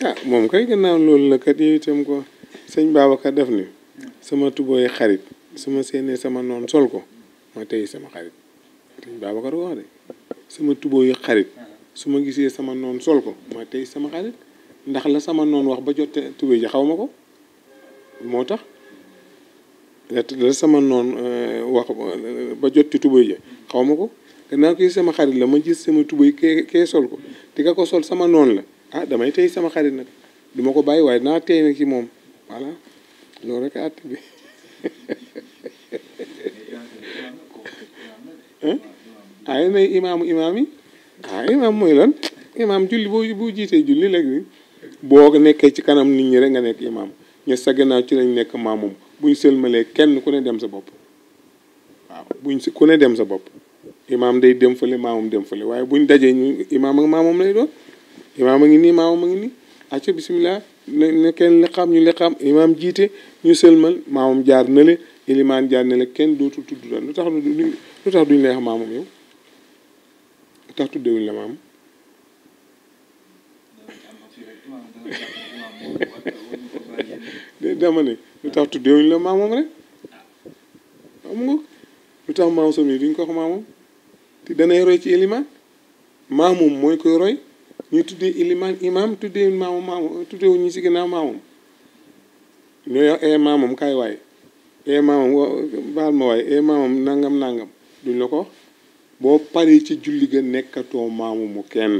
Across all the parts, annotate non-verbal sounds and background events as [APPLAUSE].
ah moom kay gannaaw loolu la kat yow itam ko sëñ ka def ni sama tubooy xarit su ma seenee sama noon sol ko ma tey sama xarit sëñ Babacar wax de sama tubooy xarit su ma gisee sama noon sol ko ma tey sama xarit ndax la sama noon wax ba jot tubooy ji xaw ma ko moo tax la sama noon euh, wax ba jot ci tubooy xaw ma ko gannaaw kii sama xarit la ma gis sama tubooy kee kee sol ko te ko sol sama noon la ah damay tey sama xarit nag duma ko bàyyi waaye naa tey nag ci moom voilà loolu rek àtt bi ah nay imaamu imaam yi ah imaam mooy lan imaam julli boo boo jiitee julli léegi boo nekkee ci kanam nit ñi rek nga nekk imaam ñe sa gannaaw ci lañ nekk maamum buñ sëlmalee kenn ku ne dem sa bopp waaw buñ si ne dem sa bopp imaam day dem fële maamum dem fële waaye buñ dajee ñu imaam ak maamum lay doon imaam a ngi nii maamu ma ngi nii acca bisimilah ne kenn liqaam ñu liqaam imaam jiite ñu sëlmal maamam jaar na le ilimaan jaar na kenn dootul tudd la lu tax lu tax duñ lay wax maamam yow lu tax tuddewuñ la maam [LAUGHS] rek am tax maam sam yi duñ ko wax maamam te danay roy ci ilimaan maamum mooy koy roy ñu tuddee ilimaan imaam tuddee maamu maamu tuddee ñu eh, waay e nangam nangam duñ la ko boo paree ci julli ga maamu mu kenn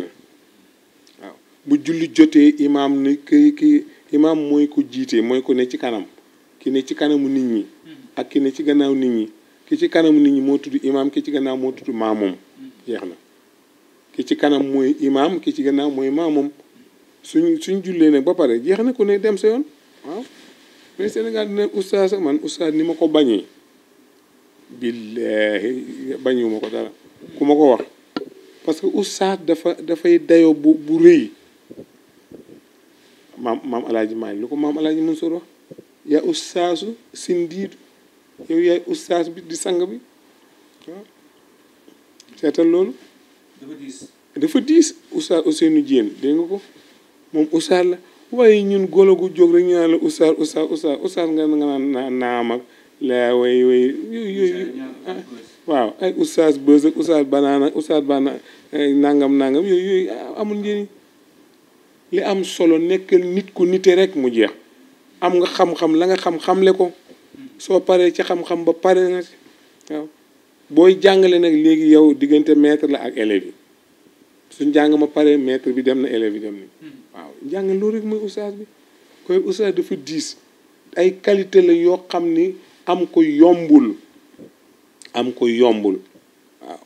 waaw bu julli jotee imaam ni ki ki imaam mooy ko jiitee mooy ko ne ci kanam ki ne ci kanamu nit ñi ak ne ci gannaaw nit ñi ki ci kanamu nit ñi moo tudd imaam ki ci gannaaw moo tudd maamum mm. jeex na ki ci kanam mooy imaam ki ci gannaaw mooy moom suñ suñ jullee nag ba pare jeex na ko ne dem sa yoon waaw mais Sénégal dina oustaz man oustaz ni ma ko bañee billaahi dara ku ma ko wax parce que oustaz dafa dafay dayo bu bu rëy maam maam alaaji Maalik lu ko maam alaaji Mansour wax yaa oustaasu sindiidu yow yaay oustaas bi di sang bi waaw seetal loolu dafa diis dafa diis Oustaz Ousseynou Diène dégg nga ko moom Oustaz la waaye ñun golo gu jóg rek ñu naan la Oustaz Oustaz nga naa naam ak laa way way yooyu yooyu ah, waaw ay Oustaz Beuz ak Oustaz Banana Oustaz nangam nangam yooyu yooyu ah, amul njëriñ li am solo nekkal nit ku nite rek mu jeex am nga xam-xam la nga xam-xamle ko hmm. soo paree ci xam-xam ba pare na waaw booy jàngale nag léegi yow diggante maître la ak élève yi suñ jàng ma pare metre bi dem na élève yi dem na hmm. waaw jàng loolu rek mooy oustaz bi koy oustaz dafa diis ay qualité la yoo xam ni am ko yombul am ko yombul waaw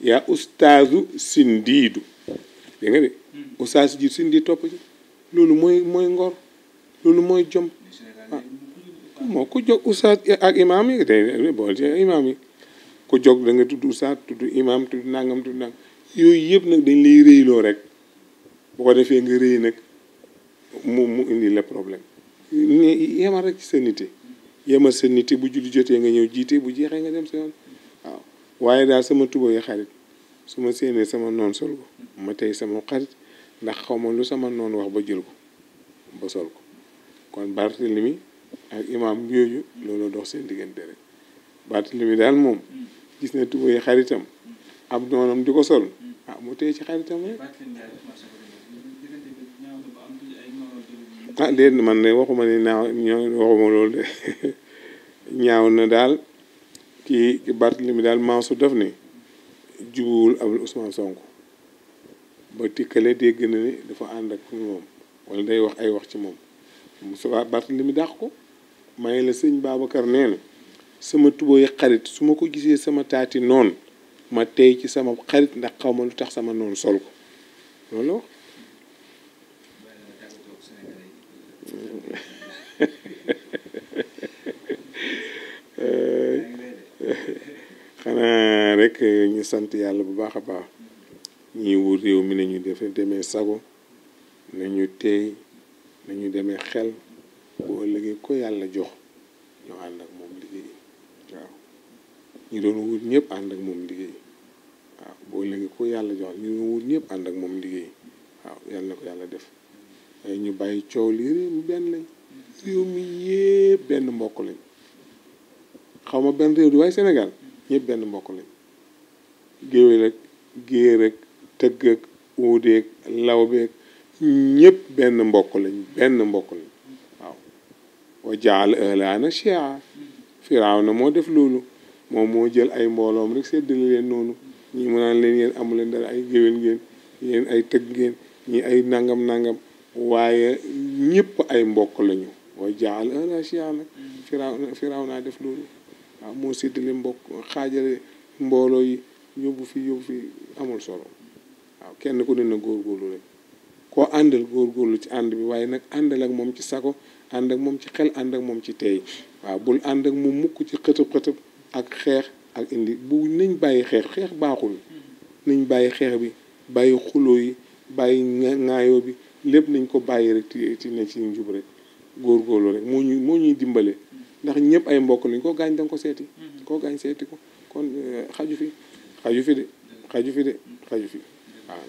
yaa ustaazu sindiidu dégg nga de hmm. ustaazu ji sindi topp ci loolu mooy mooy ngor loolu mooy jom ah. moo ko jóg ustaaz ak imaam yi day bool ci imaam yi ku jog da nga tudd Oustaz tudd imam tudd nangam tudd nangam yooyu yëpp nag dañ lay réyloo rek bu ko defee nga réy nag mu mu indi la problème ni yemal ci sa nité yemal sa nité bu julli jotee nga ñëw jiite bu jeexee nga dem sa yoon waaw waaye daal sama tuba yi xarit su ma séenee sama noon sol ko ma tey sama xarit ndax xaw ma lu sama noon wax ba jël ko ba sol ko kon Barthélemy ak imam yooyu loolu dox seen diggante rek mi daal moom hmm. gis na tuba yi xaritam hmm. ab noonam di ko sol hmm. ah mu téye ci xaritam rek ah déedéet man de waxuma ni naaw ñoo waxuma loolu [LAUGHS] ñaaw na daal kii Barthélemy daal Mansour def ni jubuwul ab Ousmane Sonko ba tikkale dégg na ni dafa ànd ak moom wala day wax ay wax ci moom mi dàq ko may la sëñ Babacar nee na sama tubooy xarit su ma ko gisee sama taati noon ma tey ci sama xarit ndax xaw ma lu tax sama noon sol ko loolu [LAUGHS] xanaa rek ñu sant yàlla bu baax a baax ñii wut réew mi nañu def demee sago nañu teey nañu demee xel bu ëllëgee ko yàlla jox ñu ànd ak moom ñu doon wut ñëpp ànd ak moom liggéey waaw boo léegi ku yàlla ñëpp ànd moom liggéey waaw yàlla na ko yàlla def waaye ñu bàyyi coow lii réew mi benn lañ réew mi yëpp benn mbokk lañ xaw ma benn réew di waaye Sénégal ñëpp benn mbokk lañ géwél ak géer ak tëgg ak ñëpp benn mbokk lañ benn mbokk lañ waaw wa jaal ëhlaana firaaw na moo def loolu moom moo jël ay mbooloom rek séddale leen noonu ñii mu naan leen yéen amu leen dara ay géwél ngeen yéen ay tëgg ngéen ñii ay nangam nangam waaye ñëpp ay mbokk lañu wa jaal ala chiana naa def loolu waaw moo séddale mbokk xaajale mbooloo yi yóbbu fi yóbbu fi amul solo waaw kenn ku ne na góorgóorlu rek koo àndal góorgóorlu ci ànd bi waaye nag àndal ak moom ci sago ànd ak moom ci xel ànd ak moom ci tey waaw bul ànd ak moom mukk ci xëtëb xëtëb ak xeex ak indi bu nañ bàyyi xeex xeex baaxul nañ bàyyi xeex bi bàyyi xuloo yi bàyyi ŋaayoo bi lépp nañ ko bàyyi rek ti ne ci njub rek góor rek moo moo ñuy dimbale ndax ñëpp ay mbokk lañ koo gaañ danga ko seeti koo gaañ seeti ko kon euh, xaju fi xaju fi de xaju fi de xaju fi waaw